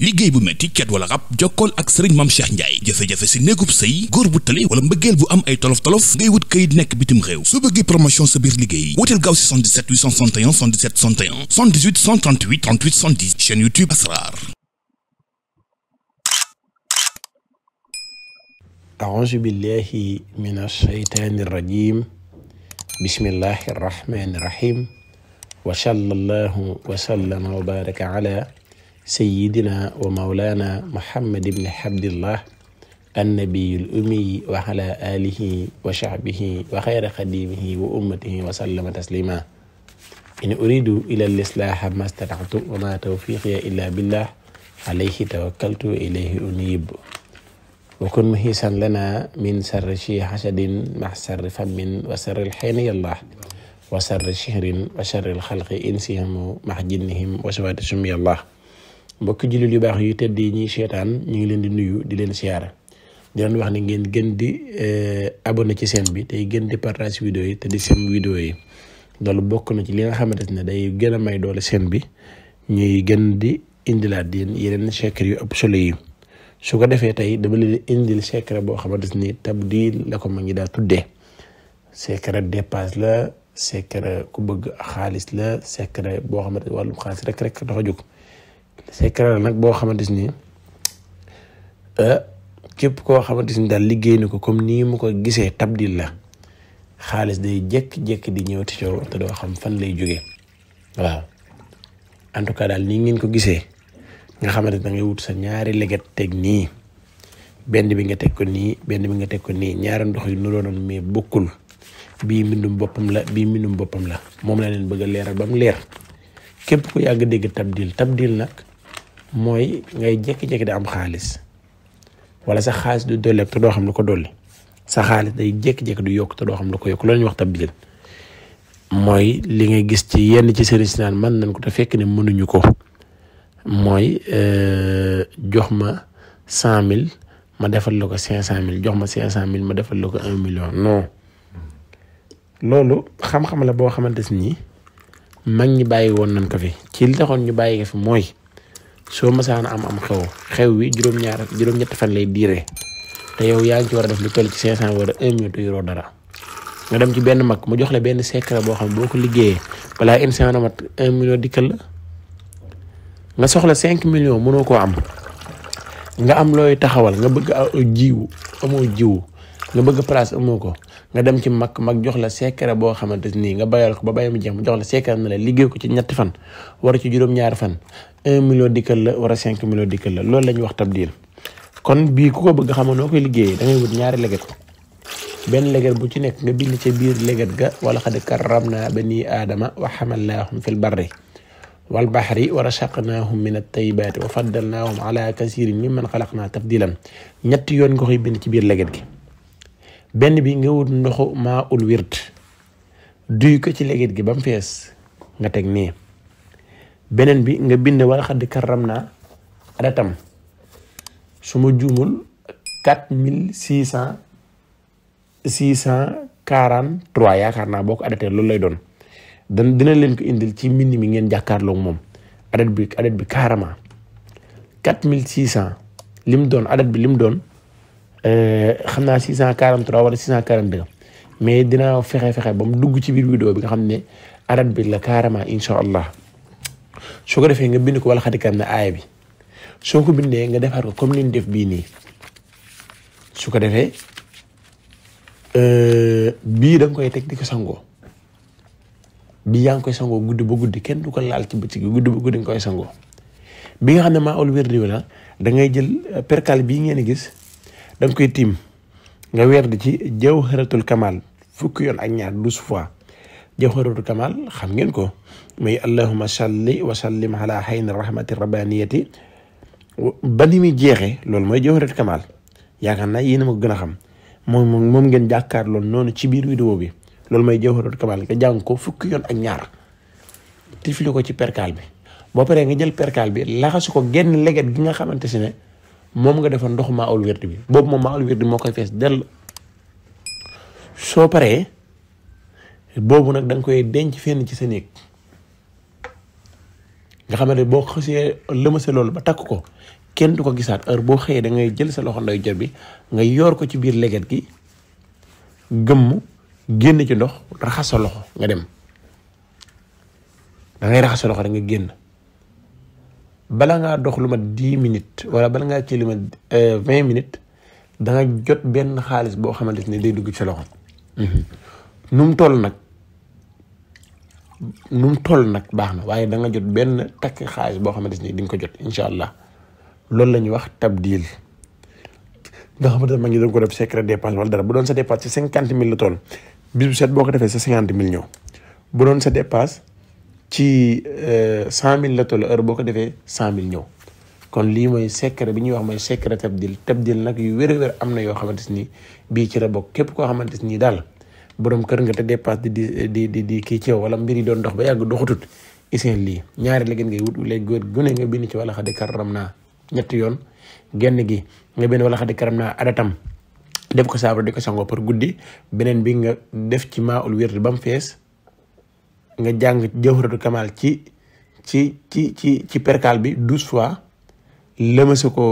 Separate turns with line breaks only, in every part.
liggéey bu métti ket wala rab jokkool ak sëriñ mam cheikh ndiaye jafe-jafe si néegub sëy góor bu tële wala mbëggeel bu am ay tolof-tolof ngay wut këyit nekk bitim réew soo bëggee promotion sa biir liggéey wóotel gaaw si 77 861 77 61 78 138 38 70 chaîne youtube asrar أعوذ بالله من الشيطان الرجيم بسم الله الرحمن الرحيم وصلى الله وسلم وبارك على سيدنا ومولانا محمد بن عبد الله النبي الأمي وعلى آله وشعبه وخير خديمه وأمته وسلم تسليما إن أريد إلى الإصلاح ما استطعت وما توفيقي إلا بالله عليه توكلت إليه أنيب وكن مهيسا لنا من سر شي حسد مع سر فم وسر الحين يالله وسر شهر وشر الخلق إنسهم مع جنهم وسواد سمي الله mbokki jullit yu baax yu tedd yi ñuy seetaan ñu ngi leen di nuyu di leen siyaara di wax ni ngeen gën di eh, abonné ci seen bi tey gën di partage yi te di seen yi loolu bokk na ci li nga xamante ne day gën a may doole seen bi ñuy gën di indilaat yéen yeneen secret yu ëpp solo yi su ko defee tey dama leen indil secret boo xamante ni tabdil la ko ma ngi daa tuddee secret dépasse la secret ku bëgg xaalis la secret boo xamante wàllum xaalis rek rek dafa jóg secret la nag boo xamante ni euh, képp koo xamante ni daal liggéey na ko comme nii mu ko gisee tabdil la xaalis day jékki-jékki di ñëwati ci yow te doo xam fan lay jóge waaw en tout cas daal nii ngeen ko gisee nga xamante da ngay wut sa ñaari leget teg nii benn bi nga teg ko nii benn bi nga teg ko nii ñaari ndox yu nuroo noonu mais bokkul bii mbindum boppam la bii mbindum boppam la moom la leen bëgg a leeral ba mu leer képp ku yàgg dégg tabdil tabdil nag. mooy ngay jékki-jékki di am xaalis wala sa xaalis du dolleeku te doo xam lu ko dolli sa xaalis day jékki-jékki du yokk te doo xam lu ko yokk loolu ñu wax tabdil mooy li ngay gis ci yenn ci sëriñ si mën nañ ko te fekk ne mënuñu ko mooy euh, jox ma cent mille ma defal la ko cent mille jox ma cinq cent mille defal la ko un million loolu xam-xam la boo xamante ni mag ñi bàyyi woon nañ ko fi ci li taxoon ñu bàyyi nga fi mooy. soo masaan am am xew xew wi juroom ñaar juroom ñett fan lay diré té yow yaang ci wara def lu toll ci 500 wala 1 million euro dara nga dem ci benn mag mu jox la benn secret boo xam boo ko liggéeyee balaa une semaine amat 1 million dikkal la nga soxla 5 millions mënoo koo am nga am looy taxawal nga bëgg jiwu amoo jiwu nga bëgg place amoo ko. nga dem ci mag mag jox la secret bo xamanteni nga bayal ko ba bayam jëm jox la secret na la liggey ko ci ñett fan war ci juroom ñaar fan 1 million dikkal la wara 5 million dikkal la lool lañ wax tabdil kon bi ku ko bëgg xamono koy liggey da ngay wut ñaari legget ben leget bu ci nek nga bind ci biir legget ga wala khad karramna bani adama wa hamalnahum fil barri wal baxri wa rachaqnaahum min at-tayyibaati wa faddalnaahum ala kasirin mimman xalaqnaa tafdilan ñetti yoon nga koy bind ci biir leget gi benn bi nga wut ndoxu ma ul wird duy ko ci legit gi bam fess nga tek ni benen bi nga bind wala xaddi karamna adatam su jumul 4600 643 mille six cent six lay don dan dina len ko indil ci minni mi ngeen jakarlo mom adat bi adat bi karama 4600 lim don adat bi lim don Euh, xam naa 643 wala 642 mais dinaa fexe fexe ba mu dugg ci biir vidéo bi nga xam ne arab bi la carrément incha allah soo ko defee nga bind ko wala xadikam ne aaya bi soo ko bindee nga defaat ko comme ni def bii nii su ko defee euh, bii da koy teg di ko sangoo bi yaa koy sangoo guddi ba guddi kenn du ko laal ci bëccëg guddi koy sangoo bi nga xam ne maa ol wér la da ngay jël percal bii ngeen gis. da nga koy tiim nga weer di ci jawharatul kamal fukki yoon ak ñaar douze fois jawharatul kamal xam ngeen ko muy allahuma salli wa sallim ala xayni rahmati rabbaniyati ba ni muy jeexee loolu mooy jawharatul kamal yaakaar naa yéen a ma gën a xam moom moom ngeen jàkkaarloo noonu ci biir vidéo bi loolu mooy jawharatul kamal nga jàng ko fukki yoon ak ñaar tifli ko ci perkaal bi boo paree nga jël perkaal bi laxasu ko genn leget gi nga xamante si ne moom nga defal ndox ma ul werdi bi boobu mom ma ul werdi mo koy fess del so paree bobu nak dang koy denc fenn ci senek néeg nga xamante boo xësee lëmase loolu ba takko kenn du ko gisaat heure bo xeye da ngay jël sa loxo ndoy jot bi nga yoor ko ci bir leget gi gëmm genn ci ndox raxa sa loxo nga dem da ngay raxa sa loxo da nga genn bala ngaa dox lu ma dix minutes wala bala ngaa kii lu mat euh, vingt minutes da jot benn xaalis boo xamante ne day dugg ci loxo mhm. nu mu toll nag nu mu toll nag baax na waaye da nga jot benn takk xaalis boo xamante ne di nga ko jot incha allah loolu la ñuy wax tabdil nga xamante ne ma ngi doon ko def secret dépense wala dara bu doon sa dépense ci cinquante mille bu ko defee sa cinquante mille ñëw bu doon sa dépense ci euh, cent mille la toll heure boo ko defee cent mille ñëw kon lii mooy secret bi ñuy wax mooy secret tabdil tabdil nag yu wér wér am na yoo xamante ni bii ci la bokk képp koo xamante ni daal borom kër nga te dépasse di di di di kii ci yow wala mbir yi doon dox ba yàgg doxatut iseen lii ñaari la gën ngay wut léegi góor gune nga bind ci wala xadi karam naa ñetti yoon genn gi nga bind wala xadi karam naa adatam def ko saabra di ko sangoo par guddi beneen bi nga def ci maa ul wér ba mu fees nga jàng jawharatu kamal ci ci ci ci ci perkaal bi douze fois lamasu ko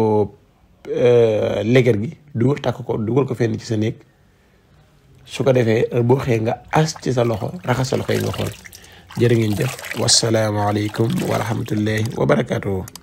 euh, léger gi dugal takk ko dugal ko fenn ci sa néeg su ko defee boo xëyee nga as ci sa loxo raxas sa loxo yi nga xool jërë ngeen jëf wasalaamaaleykum wa rahmatullahi wa barakaatu.